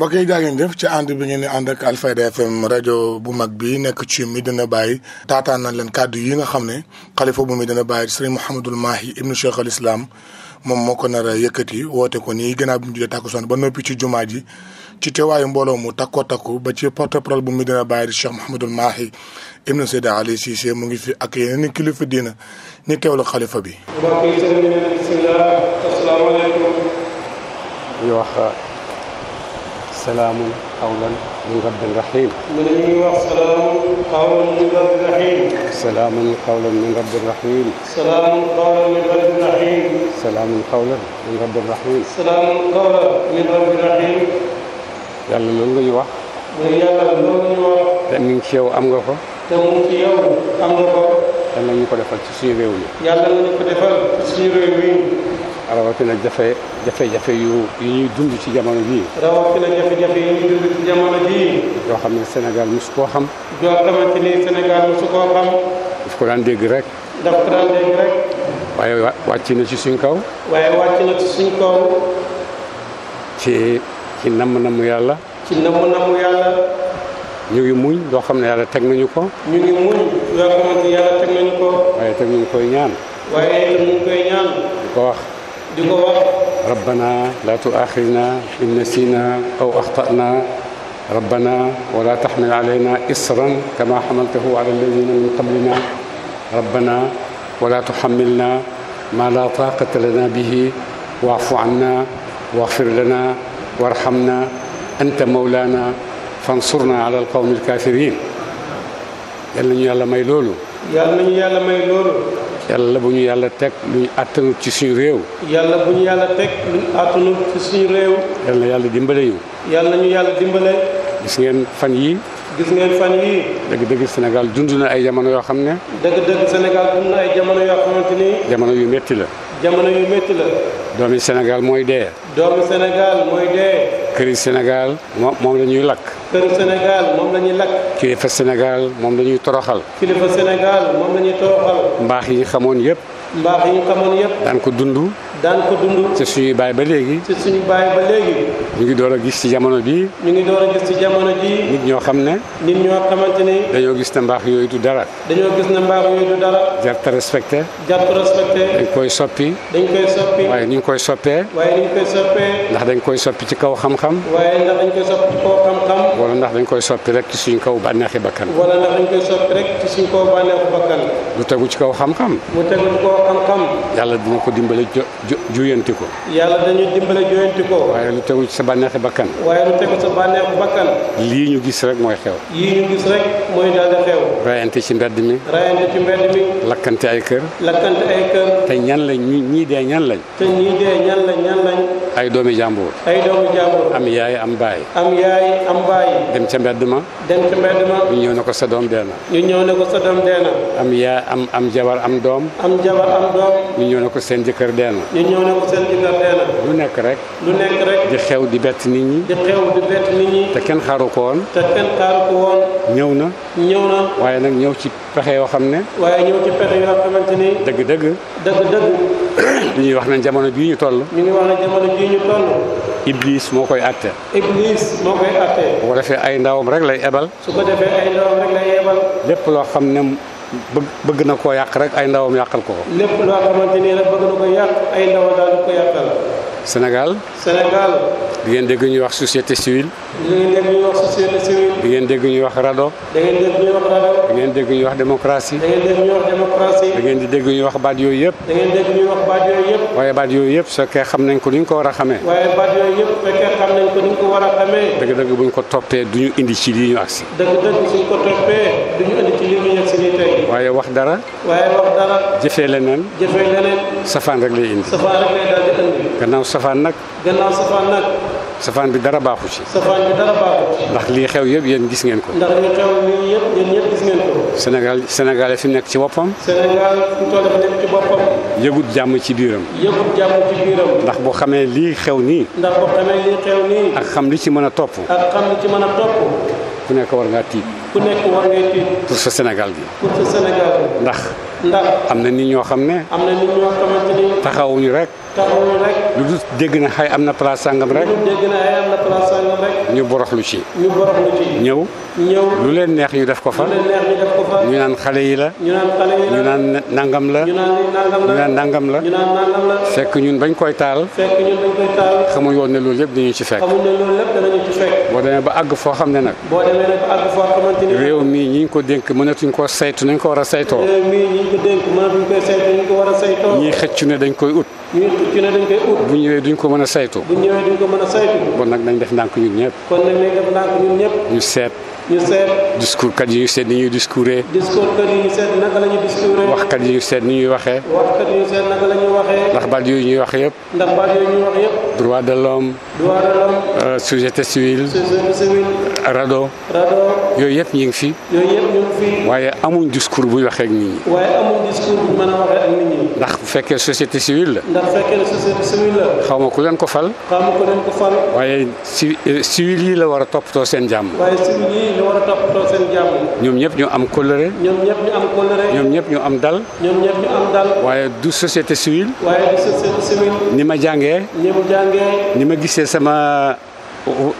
mbokk yi jaa ngeen jëf ci ànd bi ngeen di ànd ak Alfayda FM rajo bu mag bi nekk ci Medina Baye taataan na leen kàddu yi nga xam ne xalifa bu Medina Baye sëriñ Mouhamadul Mahi ibnu Cheikh al Islam moom moo ko nar a yëkkati woote ko nii gannaaw bi mu ba noppi ci jumaa ji ci teewaayu mbooloo mu takkoo takku ba ci porte-parole bu Medina Baye di Cheikh Mouhamadul Seyda Ali Cissé mu ngi si ak yeneen i kilifa diina ñu teewlu xalifa bi. mbokk yi sëñ bi asalaamaaleykum. wax. salaamun warahmatullahi wabarakatuh. rabbin rahim mu ne ñu wax salaamun qawlan min rabbin rahim salaamun qawlan min rabbin rahim salaamun qawlan min rabbin rahim salaamun qawlan min rabbin rahim salaamun qawlan min rabbin rahim yàlla loolu nga ñu jafe-jafe yu yu ñuy dund ci jamono jii. yi ñuy yoo xam ne Sénégal mosu koo xam. yoo xamante ni Sénégal mosu koo xam. daf ko daan dégg rek. daf ko daan dégg rek. waaye wàcc na ci suñ kaw. waaye wàcc na ci suñ kaw. ci ci namm yàlla. ci namm namm yàlla. ñu ngi muñ loo xam ne yàlla teg nañu ko. ñu ngi muñ loo xamante yàlla teg nañu ko. waaye teg ñu ngi koy ñaan. waaye itam ñu ngi koy ñaan. di ko wax. di ko wax. ربنا لا تؤاخذنا إن نسينا أو أخطأنا ربنا ولا تحمل علينا إصرا كما حملته على الذين من قبلنا ربنا ولا تحملنا ما لا طاقة لنا به واعف عنا واغفر لنا وارحمنا أنت مولانا فانصرنا على القوم الكافرين yal nañu yàlla may loolu yal yàlla bu ñu yàlla teg lu ñu àttanut ci suñu réew. yàlla bu ñu yàlla teg lu ñu àttanut ci suñu réew. yàlla na yàlla dimbale ñu. yàlla na ñu yàlla dimbale. gis ngeen fan yi gis ngeen fan yii. dëgg-dëgg Sénégal dund na ay jamono yoo xam ne. dëgg-dëgg Sénégal dund na ay jamono yoo xamante ni. jamono yu métti la. jamono yu métti la. doomi Sénégal mooy dee. doomi Sénégal mooy dee. këri Sénégal moom la ñuy lakk. këru Sénégal moom la ñuy lakk. kilifa Sénégal moom la toroxal. mbaax yi ñu xamoon yëpp. mbaax yi ñu xamoon yëpp. daan ko dund. ci suñuy baay ba léegi. ci suñu baay ba léegi. ñu ngi door a gis ci jamono bii. nit ñoo xam ne. nit ñoo xamante ni. dañoo gis na mbaax yooyu du dara. dañoo gis na mbaax dañ koy soppi. dañ koy soppi. waaye ni ñu koy soppee. ndax dañ koy soppi ci kaw xam-xam. waaye ndax dañ koy soppi rek ci suñu kaw bànneexi bakkan. wala ndax dañ koy soppi rek ci suñu kaw bànneexi bakkan. mu tegu ci kaw xam-xam. xam-xam yàlla dina ko dimbale juyanti ko yàlla dañu dimbale juyanti ko waaye lu tegu sa bànneexi bakkan waaye lu tegu sa bànneexi bakkan lii ñu gis rek mooy xew yii ñu gis rek mooy daal xew rayante ci mbedd mi rayante ci mbedd mi lakkante ay kër lakkante ay kër te ñan lañ ñii dee ñan lañ te ñii dee ñan lañ ñan lañ ay doomi jàmbur. ay doomi jàmbur. am yaay am baay. am yaay am baay. dem ca mbedd ma. dem ca ma. ñu ñëw ne ko sa doom dee ñu ñëw ne ko sa doom am yaay am am jabar am doom. am jabar am doom. ñu ñëw ne ko seen jëkkër dee lu nekk rek. lu nekk rek. di xew di bett nit ñi. di xew di bett nit ñi. te kenn xaaru ko te kenn xaaru ko ñëw na. ñëw na waaye nag ñëw ci. pexe yoo xam ne waaye ñëw ci pexe yoo xamante ni dëgg dëgg dëgg dëgg ñuy wax nañ jamono bii ñu toll ñu ngi wax jamono bii ñu toll iblis moo koy atte iblis moo koy atte bu ko defee ay ndawam rek lay ebal su ko defee ay ndawam rek lay ebal lépp loo xam ne bëgg na koo yàq rek ay ndawam yàqal ko lépp loo xamante ni rek bëgg na ko yàq ay ndawam daal ko yàqal Sénégal Sénégal di ngeen dégg ñuy wax société civile da ngeen dégg ñuy wax rado. dangeen dégg ñuy wax rado. da ngeen dégg ñuy wax démocratie. da ngeen dégg ñuy wax démocratie. da di dégg ñuy wax baat yooyu yëpp. da dégg ñuy wax baat yooyu yëpp. waaye baat yooyu yëpp su fekkee xam nañ ko ni ko war a xamee. waaye baat ko bu ñu ko toppee du ñu indi ci lii ñu agsi. dëgg-dëgg suñ ko toppee du ñu indi ci lii ñu agsi nii tey. waaye wax dara. jëfe wax dara. jëfee leneen. jëfee leneen. safaan rek lay indi. gannaaw safaan nag. safaan bi dara baaxu ci. ndax lii xew yëpp yéen gis ngeen ko. ndax lii xew Sénégal Sénégal fi nekk ci boppam. Sénégal fi nekk ci boppam. yëgut jàmm ci biiram. ndax boo xamee lii xew nii. ak xam li ci mën a topp. ak xam li ci mën a topp. ku nekk war ngaa tiit. ku nekk war ngay tiit. pour sa Sénégal gi. pour sa Sénégal ndax. ndax am na nit ñoo xam ne. am na nit ñoo xamante taxawuñu rek. lu dul dégg na xay am na place sàngam sàngam rek. ñu boroxlu ci. ñëw. lu leen neex ñu def ko fa. lu ñu naan xale yi la. ñu naan nangam la. ñu naan nangam la ñu fekk ñun bañ koy taal. fekk ñun xamuñ woon ne loolu yëpp dañu ci fekk. xamuñ ne boo demee ba àgg foo xam ne nag. boo réew mi ñi ñu ko dénk mënatuñ koo saytu nañ ko war a saytoo. ñi ñu xëccu ne dañ koy ut. ñii xëccu ne dañ koy ut. bu ñëwee duñ ko mën a saytu. bu ñëwee duñ ko mën a saytu. bon nag dañ def ndànk ñun ñëpp kon nag léegi dafa naa ko ñun ñëpp. ñu seet. ñu seet discours kat yi seet ni ñuy discouré discours kat yi seet waxkat yi seet ni ñuy waxe waxkat yi seet ñuy waxee ndax baat yooyu ñuy wax yëpp ndax baat yooyu ñuy wax yëpp droit de l'homme euh, société civile société rado yooyu yëpp ñu ngi fi waaye amuñ discours buy waxee ak nit ñi ndax bu fekkee société civile la ndax fekkee société civile la xaw ma ku leen ko fal xaw ma leen ko fal waaye euh, civil yi la war a toppatoo seen jàmm ñoom ñëpp ñu am kóllëre. ñoom ñëpp ñu am kóllëre. ñoom ñëpp ñu am dal. waaye du société civile. ni ma jàngee. ni mu ni ma gisee sama.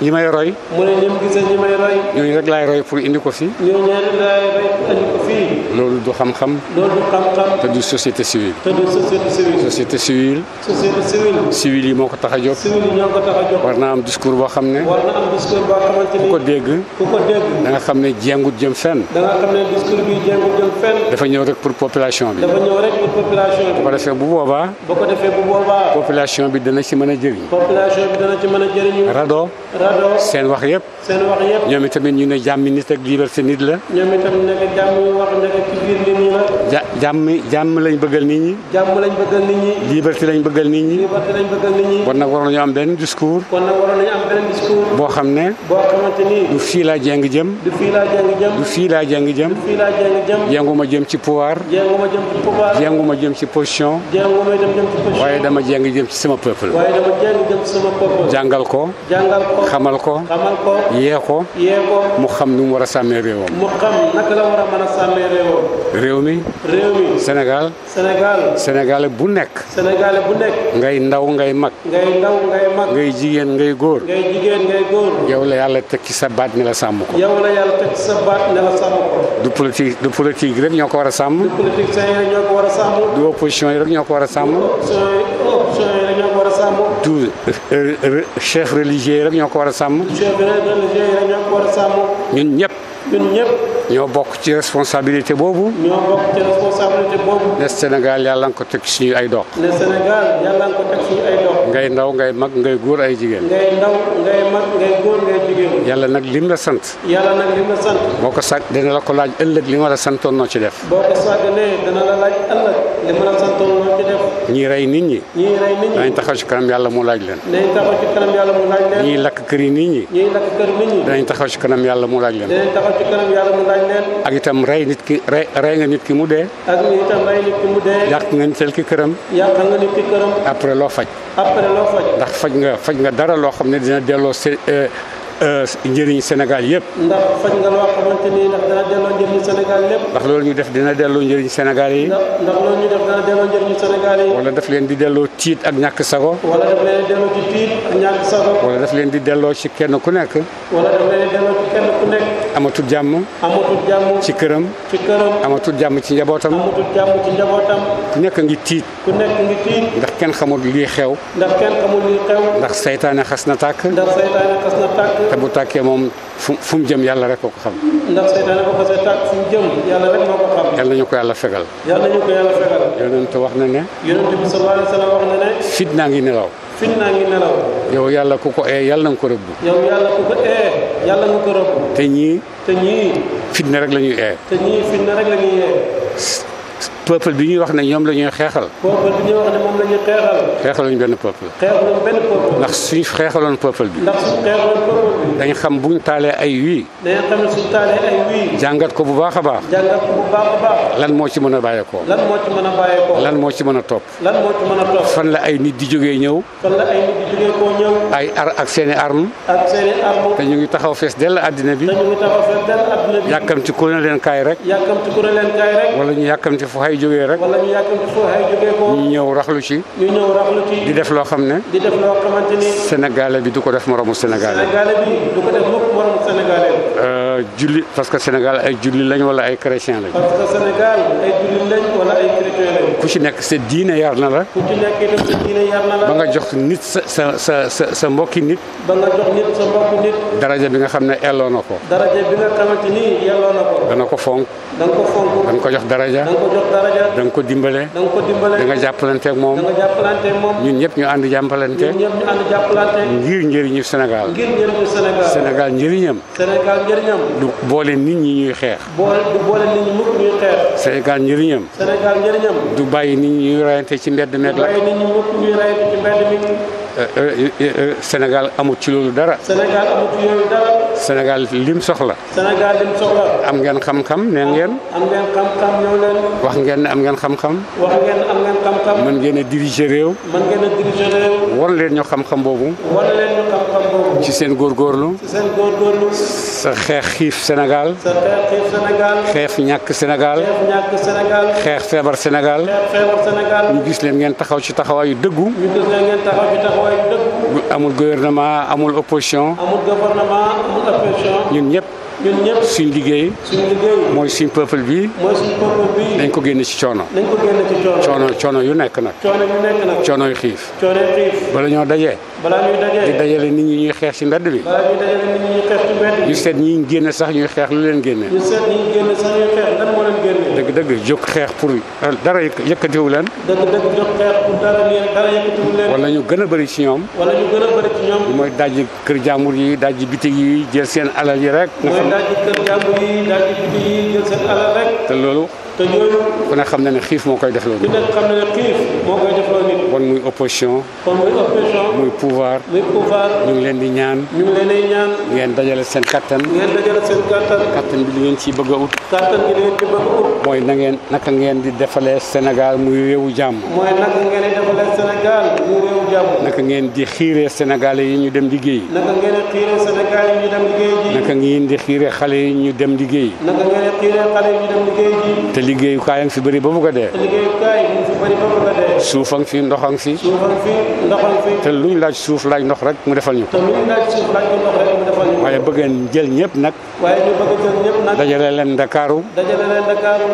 ñi may roy. mu ne ni gisee ñi may roy. ñooñu roy pour indi ko fii. ñooñu rek laay roy indi ko fii. loolu du xam-xam. loolu du xam-xam. te du société civile. te du société civile. société civile. société civile. civile yi moo ko tax a jóg. civile yi ñoo ko tax a jóg. war naa am discours boo xam ne. war na am discours boo xamante ni. ku ko dégg. ku ko dégg. da nga xam ne jéngut jëm fenn. da nga xam ne discours bi jéngut jëm fenn. dafa ñëw rek pour population bi. dafa ñëw rek pour population bi. bu ko defee bu boobaa. bu ko defee bu boobaa. population bi dana ci mën a jëriñ. population bi dana ci mën a jëriñu. rado. rado seen wax yëpp. seen wax yëpp. ñoom itamit ñu ne jàmmi nit ak liberté nit la. ñoom itam nekk jàmm wax nekk جاء jàmm jam lañ bëggal nit ñi jàmm lañ bëggal nit ñi liberté lañ bëggal nit ñi liberté lañ bëggal nit ñi kon nag waroon nañu am benn discours kon nag waroon nañu am benn discours boo xam ne boo xamante ni du fii laa jàng jëm du fii laa jàng jëm du fii laa jàng jëm du fii laa jàng jëm jànguma jëm ci pouvoir jànguma jëm ci pouvoir jànguma jëm ci position jànguma jëm jëm ci position waaye dama jàng jëm ci sama peuple waaye dama jàng jëm ci sama peuple jàngal ko jàngal ko xamal ko xamal ko yee ko yee ko mu xam nu mu war a sàmmee mu xam naka la war a mën a sàmmee réewam réew mi Sénégal Sénégal bu nekk ngay ndaw ngay mag ngay ndaw jigéen ngay góor ngay jigéen ngay góor yow la yàlla teg ci sa baat ni la sàmm ko yow la yàlla du politique du politique rek ñoo ko war a sàmm du politique yi rek ñoo ko war a sàmm du opposition yi rek ñoo ko war a sàmm tout euh, euh, chef religieux yi rek ñoo ko war a sàmm. ñun ñëpp. ñun ñëpp. ñoo bokk ci responsabilité boobu. ñoo bokk ci responsabilité boobu. ne Sénégal yàlla nga ko teg suñu ay dox. ngay ndaw ngay mag ngay góor ay jigéen. ngay ndaw ngay mag ngay góor ngay jigéen. yàlla nag lim la sant. yàlla nag lim la sant. boo ko sàgg dina la ko laaj ëllëg li ma la santoon noo ci def. boo li ma la santoon noonu ñii rey nit ñi. ñii ñi danañ taxaw ci kanam yàlla mu laaj leen. danañ ñii lakk kër yi nit ñi. ñii lakk taxaw ci kanam yàlla mu laaj leen. danañ taxaw ci kanam yàlla mu laaj leen. ak rey nit ki rey nga nit ki mu dee. ak itam rey ki nga nit ki këram. yàqal nga nit ki këram. après loo faj. ndax faj nga nga dara loo xam ne dina delloo euh, Euh, njëriñ Sénégal yëpp. ndax loolu ñu def dina delloo njëriñ Sénégal yi. ndax loolu wala daf leen di delloo tiit ak ñàkk sago. wala daf leen di delloo ci tiit ak ñàkk sago. wala daf leen di delloo ci kenn ku nekk. wala daf leen di delloo amatul jàmm. ci këram. ci këram amatul jàmm ci njabootam. jàmm ci njabootam. ku nekk ngi tiit. ku nekk ngi tiit. kenn xamul lii xew. ndax kenn xamul lii xew. ndax saytaane xas na tàkk. ndax saytaane xas na tàkk. te bu tàkkee moom fu mu jëm yàlla rek ko xam. ndax saytaane ko xasee tàkk fu mu jëm yàlla rek moo ko xam. yàlla fegal. nañu ko yàlla fegal. yonent wax na ne. yonent bi ngi nelaw. fitna ngi nelaw. yow yàlla ku ko ee yàlla nga ko rëbb. te ñii. te ñii. fitna rek la ee. te ñii fitna rek la ee. peuple bi ñuy wax na ñoom la ñuy xeexal. peuple bi ñuy benn peuple. ndax suñ xeexaloon peuple bi. ndax dañ xam buñ taalee ay wii. jàngat ko bu baax a baax. lan moo ci mën a bàyyeekoo. lan moo ci mën a bàyyeekoo. lan moo ci mën a topp. fan la ay nit di jógee ñëw. fan la ay nit di jógee koo ñëw. ay ar ak seeni arme. ak ñu ngi taxaw fees dell àddina bi. te ñu yàkkamti ku kaay rek. yàkkamti ñu yàkkamti fu xay jógee rek. wala ñu ñëw raxlu ci. ñu ñëw raxlu ci. di def loo xam ne. di def loo xamante ni. bi du ko def moromu Sénégalais. Sénégalais bi du ko def mukk moromu Sénégalais. Euh, julli parce que Sénégal ay julli lañu wala ay chrétien lañ. lañ. ku ci nekk sa diine yar na la. ku ba nga jox nit sa sa mbokki nit. ba daraja bi nga xam ne elloo na ko. daraja ko. dana ko fonk. da ko jox daraja. da nga ko jox daraja. da ko dimbale. danga nga moom. ñun ñëpp ñu ànd jàppalante. ñun ñu ànd jàppalante. ngir njëriñu Sénégal. ngir njëriñam. Sénégal du boole nit ñi ñuy xeex. du boole nit ñi ñuy xeex. Sénégal njëriñam. xaar njëriñam. du bàyyi nit ñuy rayante ci mbedd meeg la. bàyyi nit ñi mukk ñuy rayante ci mbedd mi. Euh, euh, euh, Sénégal Sénégal amut ci dara. Sénégal lim soxla. Sénégal am ngeen xam-xam nee ngeen. wax ngeen ne am ngeen xam-xam. wax ngeen am mën ngeen a diriger réew. mën war leen ñu xam-xam boobu. ci seen góorgóorlu. ci sa xeex xiif Sénégal. xeex ñàkk Sénégal. xeex ñàkk Sénégal. xeex feebar Sénégal. ñu gis leen ngeen taxaw ci taxawaayu dëggu. taxaw ci taxawaayu dëggu. amul gouvernement amul opposition. amul gouvernement ñun ñëpp. suñ liggéey. mooy suñ peuple bi. dañ ko génne ci coono. coono coono yu nekk nag. coono yu xiif. coono bala ñoo dajee. bala ñuy dajee nit ñi ñuy xeex ci mbedd bi. bala ñuy dajale nit ñi ñu génne sax ñuy xeex lu leen génne. dëgg dëgg dëgg xeex pour dara dara yëkkatiwu leen. wala ñu gën a bëri ci ñoom. mooy dajji kër jàmbur yi dajji bitig yi jël seen alal yi rek. mooy dajji kër jàmbur yi dajji bitig yi jël seen alal rek. te loolu. te ku ne xam na ne xiif koy def loolu. ku ne xam na xiif moo koy def loolu nit. muy opposition. muy pouvoir. muy pouvoir. ñu leen di ñaan. ñu leen di ñaan. ngeen dajale seen kattan. ngeen dajale seen kattan. kattan bi li ngeen ciy bëgg ut. ngeen mooy na naka ngeen di defalee Sénégal muy réewu jàmm. jaamu. naka ngeen di xiire Sénégalais yi ñu dem liggéey naka ngeen di xiiree yi naka ngeen di xiiree xale yi ñu dem liggéey yi te liggéeyukaay ngi fi ba bëgg a dee. te ngi fi bëri ba bëgg a dee. suuf a fi ndox a ngi te luñ laaj suuf laaj ndox rek mu defal ñu. te laaj suuf laaj ndox rek mu defal waaye bëggeen jël ñépp nag. waaye ñu bëgg jël ñëpp nag. dajale leen Ndakaaru.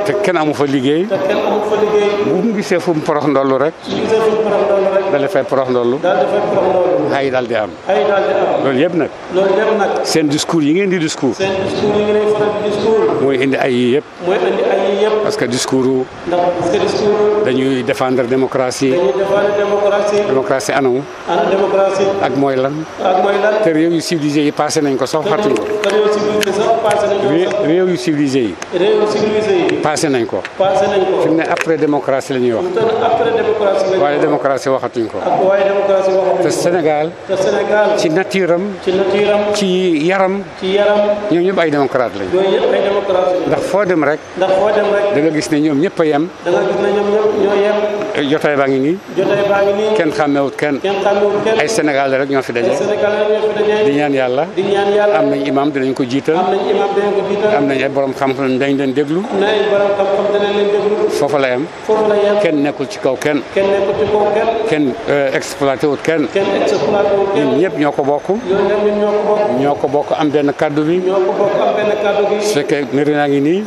te kenn amu fa liggéey. te kenn amu fa liggéey. bu mu gisee fu porox ndollu rek. rek. daal dafay porox loolu. daal dafay ay daal di am. loolu yëpp nag. seen discours yi ngeen di discours. yi ngeen di faral di mooy indi ay yii yëpp. parce que discours. dañuy defendre démocratie. dañuy défendre ak mooy lan. ak mooy lan. te réew yu civilisé yi passé nañ ko sox fàttali ko. réew yu civilisé yi. réew nañ ko. passé nañ ko fi mu ne après démocratie la ñuy wax. waaye démocratie waxatu nañ ko. te Sénégal. ci nature ci yaram. ñoom ñëpp ay démocrate lañ. ndax foo dem rek. da gis ne ñoom ñëpp a yem. jotaay baa ngi nii. jotaay baa ngi nii. kenn xàmmewut kenn. kenn xàmmewut kenn. ay Sénégal rek ñoo fi daje. ay Sénégal rek ñoo fi daje. di ñaan yàlla. di ñaan yàlla am nañ imaam dinañ ko jiital. am nañ imaam dinañ ko jiital. am nañ ay borom xam-xam dañ leen déglu. nañ borom xam-xam dinañ leen déglu. foofu la yem. foofu la yem. kenn nekkul ci kaw kenn. kenn nekkul ci kaw kenn. kenn euh, exploité wut kenn. kenn exploité wut kenn. ñun ñëpp ñoo ko bokk. ñoo ko bokk am benn kaddu bi. ñoo ko bokk am benn kaddu bi. su fekkee mbir naa ngi nii.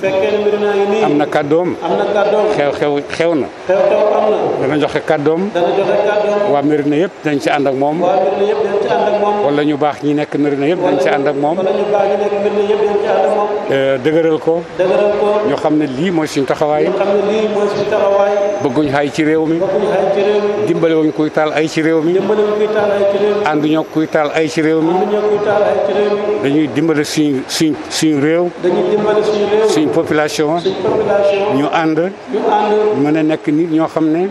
am na kaddoom. am na kaddoom. xew xew xew na. xew xew am na. dana joxe kàddoom. dana joxe kàddoom. waa Mérina yëpp dañ ci ànd ak moom. waa wala ñu baax ñi nekk Medina yëpp dañ ci ànd ak moom eh, dëgëral ko ñu xam ne lii mooy suñu taxawaay bëgguñ xay ci réew mi dimbale wuñ kuy taal ay ci réew mi ànd ñoo kuy taal ay ci réew mi dañuy dimbale suñ suñ suñu réew suñ population ñu ànd mën a nekk nit ñoo xam ne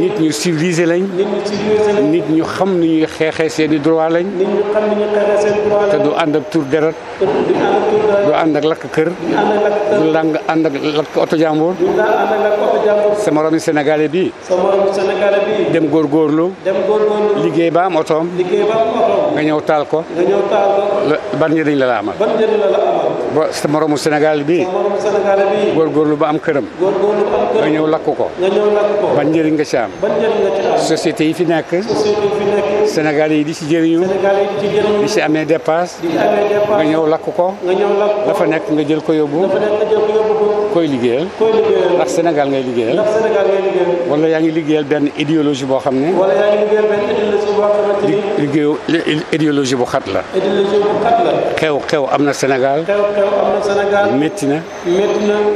nit ñu civilisé lañ nit ñu xam ni ñuy xeexee seen i te du ànd ak tur deret. te du ànd ak lakk kër. du ànd ak lakk kër. du làng ànd ak lakk dem góorgóorlu. dem liggéey ba am otoom. nga ñëw taal ko. nga ñëw taal njëriñ la ba moromu Sénégal bi moromu Sénégal ba am këram nga ñëw lakk ko nga ñëw nga ci am ban yi fi nekk société yi Sénégal yi di ci jëriñu Sénégal yi di ci amee dépasse nga ñëw lakk ko nga ñëw lakk ko dafa nekk nga jël ko yóbbu nga jël ko yóbbu koy liggéeyal ndax Sénégal ngay liggéeyal ndax yaa ngi liggéeyal benn idéologie boo xam ne boo xam ne liggéeyu idéologie bu xat la. idéologie bu xat la. xew xew am na Sénégal. metti na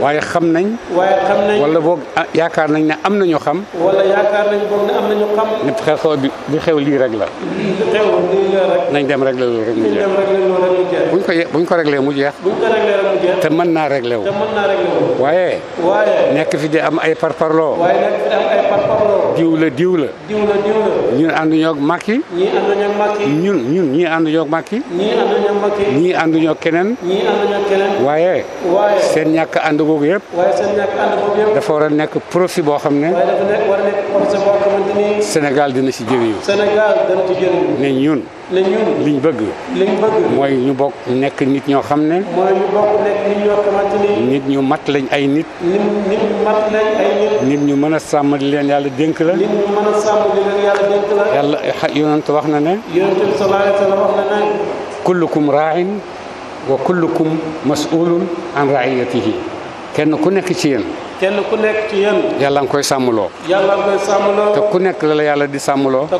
waaye xam nañ. waaye wala boog ah, yaakaar nañ ne am na ñu xam. wala xew xew bi li xew lii rek la. nañ dem rek la rek mu jeex. buñ ko regle ko réglé mu jeex. te mën naa réglé waaye. nekk fi di am ay parparloo. waaye nekk fi di ñun ànduñoo ak Macky. ànduñu ak Macky. ñun ñun ñii ànduñu ak Macky. ñii ànduñu ak keneen. waaye. seen ñàkk ànd googu yëpp. waaye seen ñàkk dafa war a nekk profit boo xam ne. waaye dina ci jëriñu. yi dana ci ne ñun. liñ bëgg liñ bëgg mooy ñu bokk nekk nit ñoo xam ne mooy ñu bokk nekk nit ñoo xamante ni nit ñu mat lañ ay nit nit ñu mat lañ ay nit nit ñu mën a sàmm li leen yàlla dénk la nit ñu mën a sàmm li leen yàlla dénk la yàlla yonent wax na ne yonent bi sallallahu alayhi wa sallam wax na ne kullukum raa'in wa kullukum mas'ulun an ra'iyatihi kenn ku nekk ci yéen. kenn ku nekk ci yéen. yàlla koy sàmmloo. yàlla koy sàmmloo. te ku nekk la la yàlla di sàmmloo. te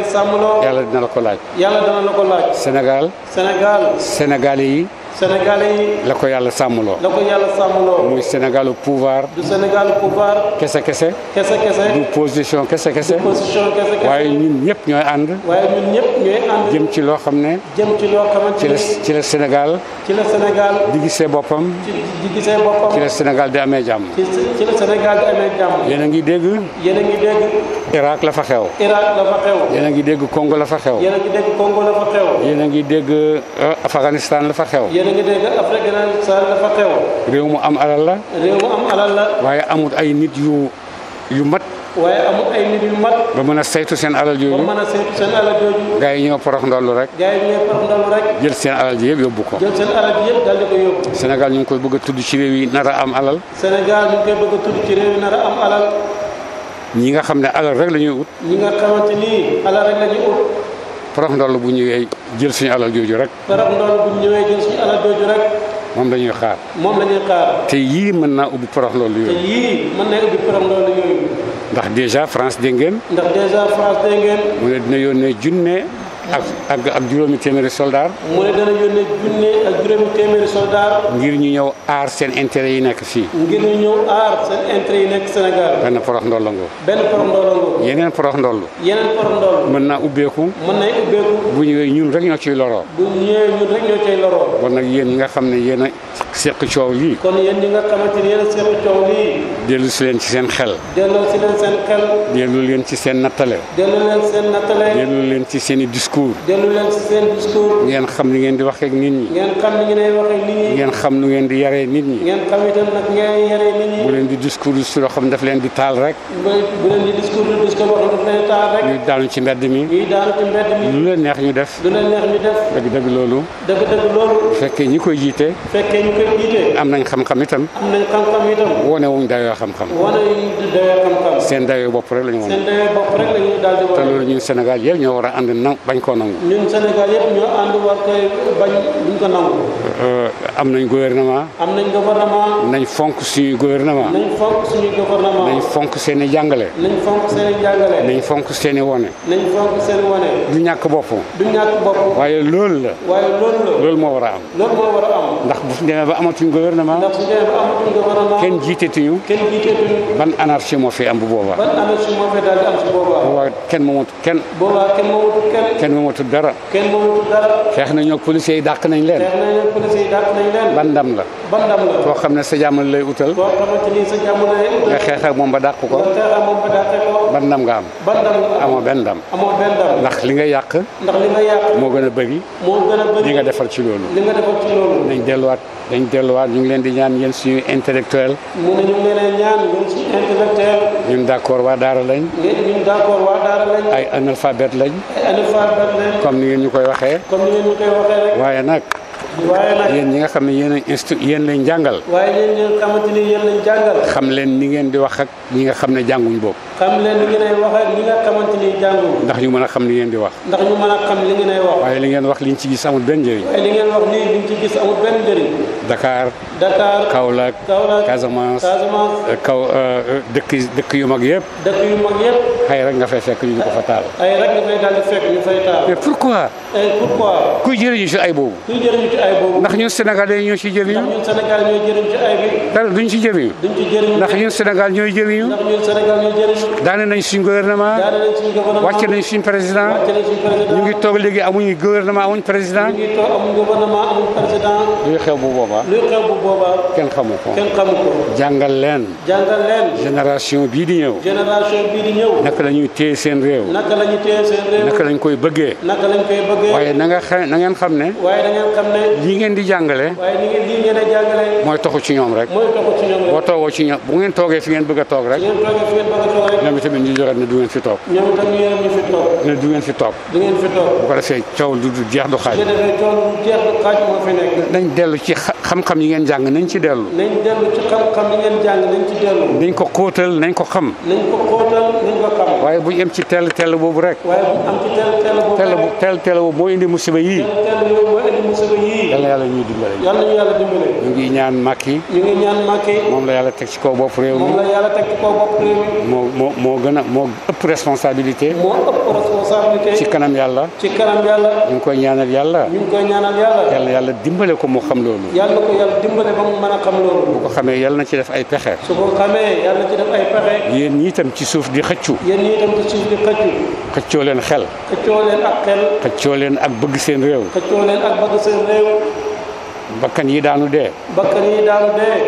di sàmmloo. yàlla ko laaj. yàlla dina la ko laaj. Sénégal. Sénégal. Sénégalais yi. Sénégalais yi. la ko yàlla sàmmloo. la ko yàlla sàmmloo. muy Sénégalu pouvoir. du Sénégalu pouvoir. kese kese. kese kese. du position kese kese. du position kese kese. waaye ñun ñëpp ñooy ànd. waaye ñun ñëpp ñooy ànd. jëm ci loo xam ne. jëm ci loo xamante ci la ci la Sénégal. ci la Sénégal. di gisee boppam. ci di gisee boppam. ci la Sénégal di amee jàmm. ci ci la Sénégal di amee jàmm. yéen a ngi dégg. yéen a ngi dégg. Irak la fa xew. Irak la fa xew. yéen a ngi dégg Congo la fa xew. yéen a ngi dégg Congo la fa xew. yéen a ngi dégg euh, Afghanistan la fa xew. dëgg-dëgg Afrique Gnaawul Sall dafa xewoon. réew mu am alal la. réew mu am alal la. waaye amut ay nit yu yu mat. waaye amul ay nit yu mat. ba mën a saytu seen alal jooju. ba mën a saytu seen alal jooju. gars yi ñoo porox ndollu rek. gars yi ñoo porox ndollu rek. jël seen alal ji yëpp yóbbu ko. jël seen alal ji yëpp daal di ko yóbbu. Sénégal ñu ngi koy bëgg a tudd ci réew yi nar a am alal. Sénégal ñu ngi koy bëgg a tudd ci réew yi nar a am alal. ñi nga xam ne alal rek la ñuy ut. ñi nga xamante ni alal rek la ñuy ut. porof ndoll bu ñëwee jël suñu alal jooju rek. porof bu ñëwee jël suñu alal jooju rek. moom la xaar. moom la xaar. te yii mën naa ubbi porof ndoll yooyu. yooyu. ndax déjà France dégg ngeen. ndax déjà France dégg mu ne dina yónnee junne. ak ak juróomi téeméeri soldaar. mu ne dana yónnee junne ak juróomi téeméeri soldaar. ngir ñu ñëw aar seen intérêt yi nekk fii. ngir ñu ñëw aar seen intérêt yi nekk Sénégal. benn porox ndollango. benn yeneen porox ndollu. yeneen naa ubbeeku. mën na ubbeeku. bu ñëwee ñun rek ñoo ciy loroo. bu ñëwee ñun rek ñoo ciy loroo. kon nag yéen ñi nga xam ne yéen seq coow lii. kon yéen ñi nga xamante ni yéen a seq coow lii. dellu si leen ci seen xel. delloo si leen seen xel. dellu leen ci seen nattale. dellu leen seen nattale. dellu leen ci seen i discours. dellu leen ci seen discours. ngeen xam ni ngeen di wax ak nit ñi. ngeen xam ni ngeen di wax ak nit ñi. ngeen xam nu ngeen di yaree nit ñi. ngeen xam itam nag ngeen yaree nit ñi. bu leen di discours su loo xam ne daf leen di taal rek. bu leen di discours du discours boo xam ne daf leen di taal rek. ñuy daanu ci mbedd mi. ñuy daanu ci mbedd mi. lu leen neex ñu def. lu leen neex ñu def. dëgg dëgg loolu. dëgg dëgg loolu. fekkee ñi koy jiite. fekkee ñi koy am nañ xam am nañ xam-xam itam. wane wuñ dayoo xam seen dayoo bopp rek la ñu te loolu ñun Sénégal yëpp ñoo war a ànd na bañ koo nangu. Euh, am nañ gouvernement. nañ fonk suñuy gouvernement. nañ fonk seeni gouvernement. nañ fonk jàngale. nañ fonk seeni i i wane. du ñàkk bopp. du waaye loolu la. loolu moo war a am. loolu moo war a am. ndax amatuñ gouvernement. kenn jiitetuñu. kenn ban anarchie moo fi am bu boobaa. ban moo fi am bu boobaa. kenn moomatu kenn. kenn moomatu kenn. kenn moomatu dara. xeex nañu ak yi dàq nañ leen. xeex yi dàq nañ leen. ban ndam la. koo xam ne sa jàmm lay utal. koo xamante nga xeex moom ba dàq ko. nga ban ndam nga am. amoo benn ndam. amoo ndax li nga yàq. ndax moo gën a bëri. nga defal ci li nga defal ci loolu. nañ delluwaat dañ nañ delluwaat ñu ngi leen di ñaan yéen suñu intellectuel nee na ñu ngi leen ñaan d'accord waa daara lañ ñun d'accord waa daara lañ ay analphabète lañ comme ni ngeen ñu koy waxee comme ni ñu koy waxee waaye nag waaye nag yéen ñi nga xam ne yéen a instu yéen lañ jàngal. waaye yéen ñi nga xamante ni yéen lañ jàngal. xam leen ni ngeen di wax ak ñi nga xam ne jànguñ boobu. xam leen ni ngeen ay wax ak ñi nga xamante ni jànguñ. ndax ñu mën a xam li ngeen di wax. ndax ñu mën a xam li ngeen ay wax. waaye li ngeen wax liñ ci gis amul benn njëriñ. waaye li ngeen wax nii liñ ci gis amul benn njëriñ. Dakar. Dakar Kaolack. Kaolack Casamance. Casamance eh, Kaw eh, dëkk dëkk yu mag yëpp. dëkk yu mag yëpp. ay rek nga fay fekk ñu ngi ko fa taal. ay rek nga fay daal di fekk ñu fay taal. mais pourquoi. ay eh, pourquoi. kuy jëriñu ci ay boobu. kuy jëriñu ci ndax ñu Sénégalais ñoo ci jëriñu. ndax ñun Sénégal ñooy jëriñ ci ay ndax ñun Sénégal ñooy jëriñu. ndax nañ suñ gouvernement. daane nañ suñ président. ñu ngi toog léegi amuñu gouvernement amuñ président. président. luy xew bu booba bu boobaa. kenn xamu ko. jàngal leen. jàngal bii di ñëw. génération bii di ñëw. naka la téye seen réew. naka la lañ koy bëggee. naka lañ koy bëggee. waaye na xam ne. lii ngeen di jàngale waaye mooy toxu ci ñoom rek mooy taxu ci ñoom boo toogoo ci bu ngeen toogee fi ngeen bëgg a toog rek ngeen toogee fi ngeen bëgg a toog joxe ne du ngeen fi toog ñoom itam ñu yore ñu fi toog du ngeen fi toog bu ko defee coow du jeex du xaaj nañ dellu ci xam yi ngeen jàng nañ ci dellu ci xam-xam yi ngeen jàng nañ ci dellu nañ ko xóotal nañ ko xam waaye bu ñu am ci tell tell boobu rek. waaye bu tell tell boobu moo indi musiba yii. tell yal na yàlla ñuy dimbale. yal na ñu yàlla ngi ñaan Macky. ñu ngi moom la yàlla teg ci kaw bopp réew mi. moo gën a moo ëpp responsabilité. moo ëpp responsabilité. ci kanam yàlla. ci ñu ngi koy ñaanal yàlla. ñu koy ñaanal yàlla. dimbale ko mu xam loolu. yal yàlla dimbale ba mu mën a xam loolu. bu ko xamee yàlla na ci def ay pexe. su ko xamee yàlla na ci def ay pexe. yéen ñi ci suuf di xëccu. itam ci suuf di xëccu xëccoo leen xel xëccoo leen ak xel xëccoo leen ak bëgg seen réew xëccoo leen ak bëgg seen réew bakkan yi daanu dee bakkan yi daanu dee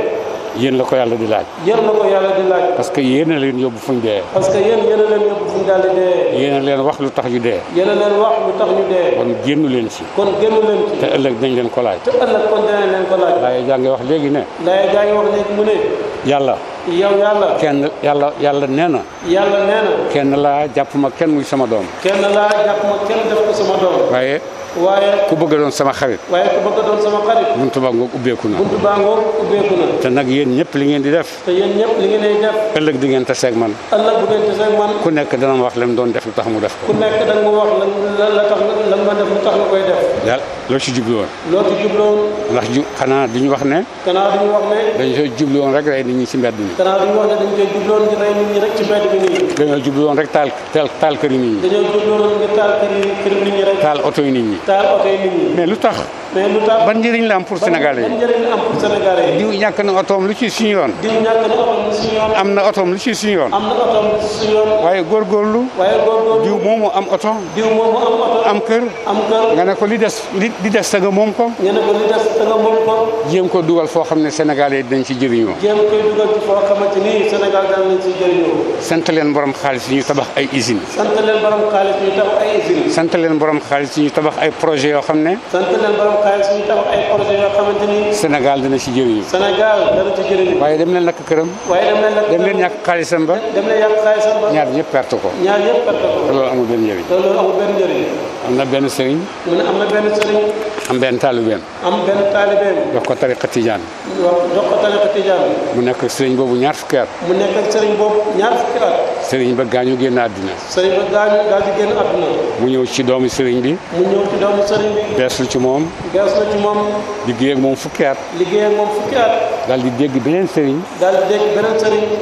yéen la ko yàlla di laaj yéen la ko yàlla di laaj parce que yéen a leen yóbbu fuñ dee parce que yéen yéen a leen yóbbu fuñ daal di dee yéen a leen wax lu tax ñu dee yéen a leen wax lu tax ñu dee kon génnu leen ci kon génnu leen ci te ëllëg dañ leen ko laaj te ëllëg kon danañ leen ko laaj laaye jaa ngi wax léegi ne laaye jaa ngi wax léegi mu ne yàlla yow yàlla. kenn yàlla yàlla nee na. yàlla nee na. kenn laa jàpp ma kenn muy sama doom. kenn laa jàpp ma kenn def ko doom. waaye. waaye sama xarit waaye ku sama xarit buntu baa ngoog ubbeeku na buntu baa ngoog ubbeeku na te nag yéen ñëpp li ngeen di def te yéen ñëpp li ngeen di def ëllëg di ngeen taseeg man ëllëg bu ngeen taseeg man ku nekk dana ma wax lam doon def lu tax mu def ko ku nekk dana ma wax di la tax la ma def lu tax la koy def daal ya, loo ci jublu woon loo ci jublu woon ndax ju xanaa duñu wax ne xanaa duñu wax ne dañ koy jublu woon rek rey nit ñi ci mbedd mi xanaa duñu wax ne dañ koy jublu woon rey nit ñi rek ci mbedd mi nii dañoo jublu woon rek taal taal kër nit ñi dañoo jublu woon nga taal kër nit ñi rek taal oto nit ñi taal oto mais lu tax. mais ban njëriñ la am pour Sénégalais yi diw ñàkk na otoom lu ci suñu yoon. diw am na otoom lu ci suñu yoon. am waaye góorgóorlu. waaye góorgóorlu diw moomu am oto. diw moomu am oto. am kër. am nga ne ko li des li li des nga moom ko. nga ne ko li des sa nga moom ko. jéem ko dugal foo xam ne Sénégalais dinañ ci jëriñoo. jéem ci foo leen borom xaalis ñu tabax ay usine. xaalis ñu tabax ay usine. projet yoo xam ne. sant dina ci jëriñu. Sénégal dana ci waaye dem lakk këram. waaye dem leen lakk ba. dem leen ñàkk xaalisam ba. ñaar ñëpp ko. ñaar ñëpp perte ko. te loolu amul benn njëriñ. te loolu amul benn njëriñ. am na benn sëriñ. mu ko tariqa tijaan. jox ko tariqa tijaan. nekk sëriñ boobu ñaar sëriñ ba gaañu génn àdduna. mu ñëw ci doomi sëriñ bi. mu ñëw ci doomi sëriñ bi. bees lu ci moom. bees lu ci moom. liggéey ak moom fukki at. liggéey ak moom fukki at. daal dégg beneen sëriñ.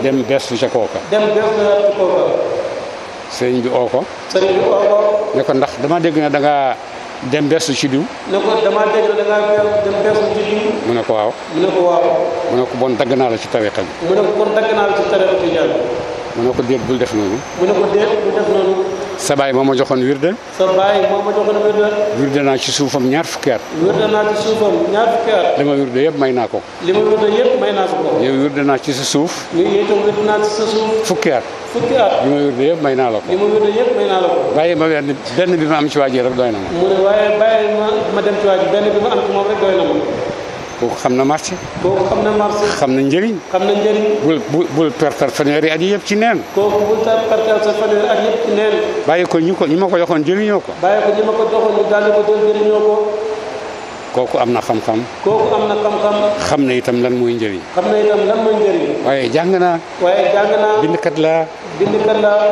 dem bees lu ca kooka. sëriñ bi oo ko. sëriñ bi oo ko. ne ndax dama dégg na da nga dem bees lu ci diw. ne ko dama dégg na da dem bees lu ci diw. mu ne ko waaw. mu ne ko waaw. mu ne ko bon dagg naa la ci tariqa bi. mu ne ko bon dagg naa la ci tariqa bi mu ne ko déet bul def noonu. mu ne ko déet bul def noonu. sa baay moo ma joxoon wirde. sa baay moo ma joxoon wirde. naa ci suufam ñaar fukki at. wirde naa ci suufam ñaar fukki at. li ma wirde yëpp may naa ko. li naa ci sa suuf. may naa la ko. li ma wirde yëpp may naa la ko. bàyyi ma benn benn bi ma am ci waa ji rek doy na ma. waaye bàyyi ma dem ci waa benn bi ma am ci moom rek doy na ma. kooku xam na marché. kooku xam na marché. xam na njëriñ. xam na njëriñ. bul bul bul pertal fanweeri at yëpp ci neen. kooku bul pertal sa fanweeri at yëpp ko ñu ko ñu ma ko joxoon jëriñoo ko. bàyyi ko ñu ma ko joxoon ñu ko kooku am na xam-xam. kooku am na xam na itam lan mooy njëriñ. waaye jàng naa. waaye jàng naa. bindkat laa. bindkat laa.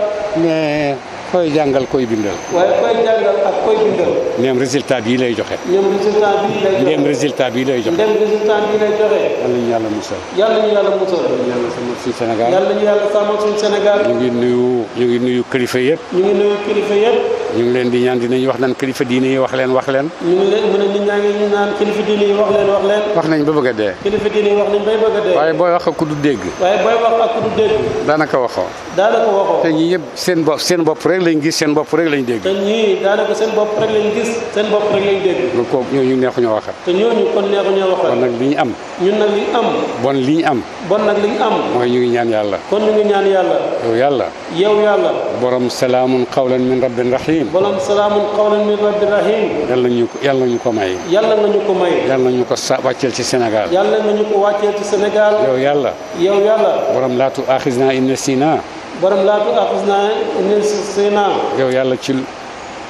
koy jàngal koy bindal. waaye koy jàngal ak koy bindal. ndem résultat bii lay joxe. ndem résultat bii lay joxe. ndem résultat bii lay joxe. ndem résultat yàlla ñu yàlla musal. yàlla ñu yàlla musal. yàlla ñu yàlla sàmmal Sénégal. yàlla ñu yàlla sàmmal suñu Sénégal. ñu ngi nuyu ñu ngi kilifa yëpp. ñu ngi nuyu kilifa yëpp. ñu ngi leen di ñaan dinañ wax naan kilifa diine yi wax leen wax leen ñu ngi leen mu ne nit ñaa ngi naan kilifa diine yi wax leen wax leen wax nañ ba bëgg a dee kilifa diine yi wax nañ bay bëgg a dee waaye booy wax ak du dégg waaye booy wax ak du dégg daanaka waxoo daanaka waxoo te ñi ñëpp seen bopp seen bopp rek lañ gis seen bopp rek lañ dégg te ñi daanaka seen bopp rek lañ gis seen bopp rek lañ dégg ñooñu neexu ñoo waxal te ñooñu kon neexu ñoo waxal kon nag li ñu am ñun nag li ñu am bon li ñu am bon nag li ñu am mooy ñu ngi ñaan yàlla kon ñu ngi ñaan yàlla yow yàlla yow yàlla borom salaamun qawlan min rabbin rahim rahim borom salaamun qawlan min rabbir rahim yàlla ñu ko yàlla ñu ko may yàlla ñu ko may yàlla ñu ko sa wàcceel ci Sénégal yàlla nga ñu ko wàcceel ci Sénégal yow yàlla borom laatu axis naa in nasina yàlla ci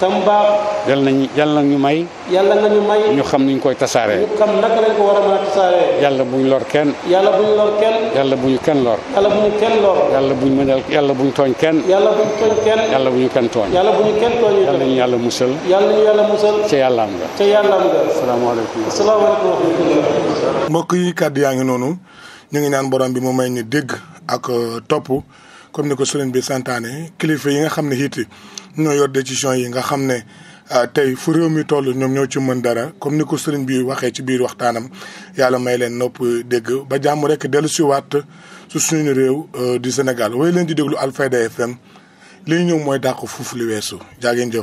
tam baax yal nañu yal nañu may yalla nga ñu may ñu xam niñ koy tasaare ñu xam lañ ko wara mëna yalla buñ lor ken, yalla buñ lor ken, yalla buñu ken lor yalla buñu ken lor yalla buñ mënal yalla buñ tooñ kenn yalla buñ tooñ kenn yalla buñu kenn tooñ yalla buñu kenn tooñ yalla ñu yalla musal yalla ñu yalla musal ci yalla am nga ci yalla am nga assalamu alaykum assalamu alaykum mbokk yi kaddu yaangi nonu ñu ngi ñaan borom bi may ak euh, topp comme ni ko bi santaane kilifa yi nga ñoo yor décision yi nga xam ne ah, tey fu réew mi toll ñoom ñoo ci mën dara comme ni ko sëriñ bi waxee ci biir waxtaanam yàlla may leen nopp dégg ba jàmm rek dellu si waat su suñu réew euh, di Sénégal wéy leen di déglu Alfayda FM li ñëw mooy dàq fuuf li weesu jaa ngeen